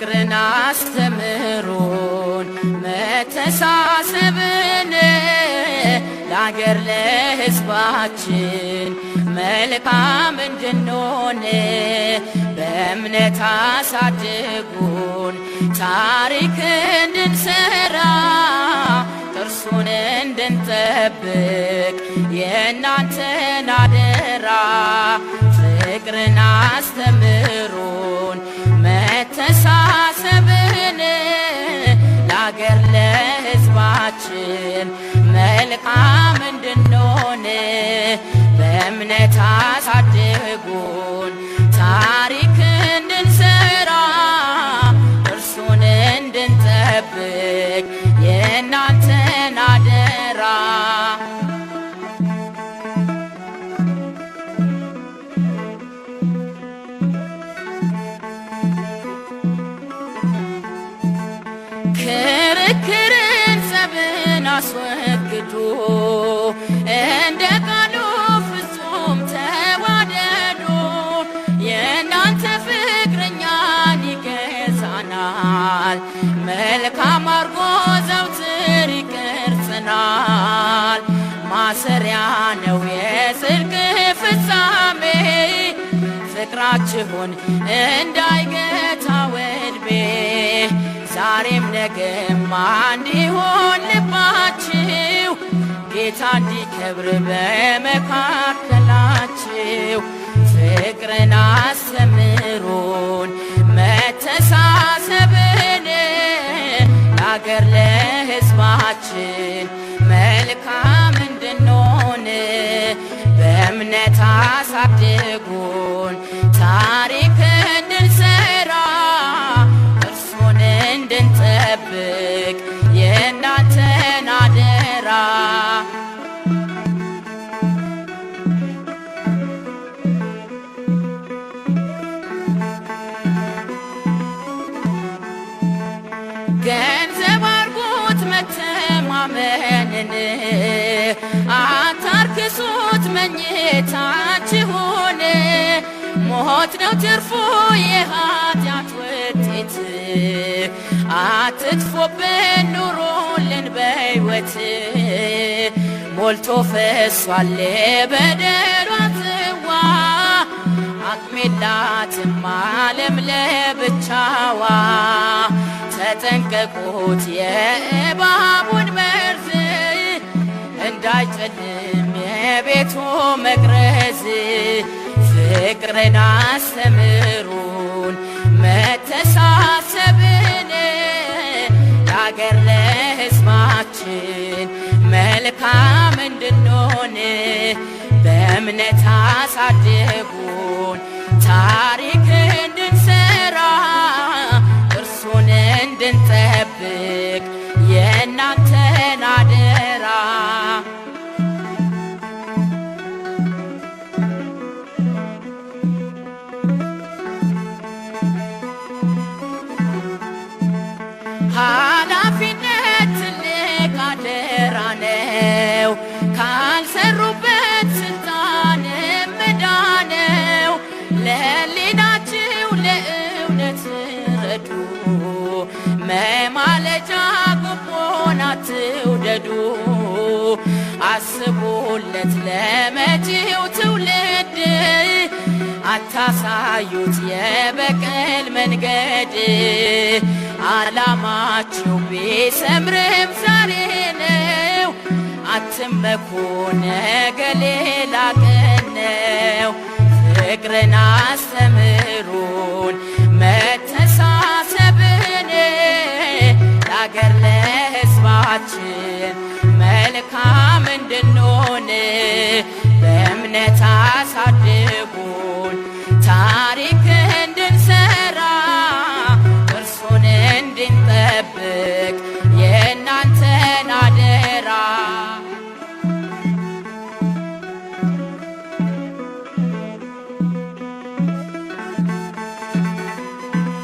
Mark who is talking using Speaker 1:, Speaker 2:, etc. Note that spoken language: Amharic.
Speaker 1: ፍቅርን አስተምሩን መተሳሰብን ለአገር ለሕዝባችን መልካም እንድንሆን በእምነት አሳድጉን ታሪክ እንድንሰራ ጥርሱን እንድንጠብቅ የእናንተን አደራ ፍቅርን አስተምሩን መተሳሰብን ለአገር ለሕዝባችን መልካም እንድንሆን በእምነት አሳድጉን ታሪክ እንድንሰራ እርሱን እንድንጠብቅ የእናንተን አደራ አንዱ እንደ ቃሉ ፍጹም ተዋደዱ። የእናንተ ፍቅረኛ ይገዛናል፣ መልካም አርጎ ዘውትር ይቀርጽናል። ማሰሪያ ነው የጽድቅ ፍጻሜ ፍቅራችሁን እንዳይገታ ወድቤ ዛሬም ነገም አንድ ይሆን ልባችሁ ጌታ እንዲከብር በመካከላችሁ ፍቅርን አስተምሩን መተሳሰብን ለአገር ለሕዝባችን መልካም እንድንሆን በእምነት አሳድጉ ቤታችሁን ሞት ነው ትርፉ የኃጢአት ውጤት። አትጥፎብን ኑሩልን በሕይወት ሞልቶ ፈሷል በደሏ ጽዋ አቅም የላትም ለብቻዋ። ተጠንቀቁት የእባቡን መርዝ እንዳይጨልም በቤቱ መቅረዝ ፍቅርን አስተምሩን መተሳሰብን ለአገር ለሕዝባችን መልካም እንድንሆን በእምነት አሳድጉን ታሪክ እንድንሰራ እርሱን እንድንጠብቅ የእናንተን አደራ ኃላፊነት ትልቅ አደራ ነው። ካልሰሩበት ስልጣን ዕዳ ነው። ለሊናችሁ ለእውነት ረዱ። መማለጃ ጉቦን ትውደዱ አስቡለት ለመጪው ትውልድ አታሳዩት የበቀል መንገድ አላማችሁ ቢሰምርም ዛሬ ነው። አትመኩ ነገ ሌላ ቀን ነው። ፍቅርን አስተምሩን መተሳሰብን ለአገር ለሕዝባችን መልካም እንድንሆን በእምነት አሳድ ያደረጉን ታሪክ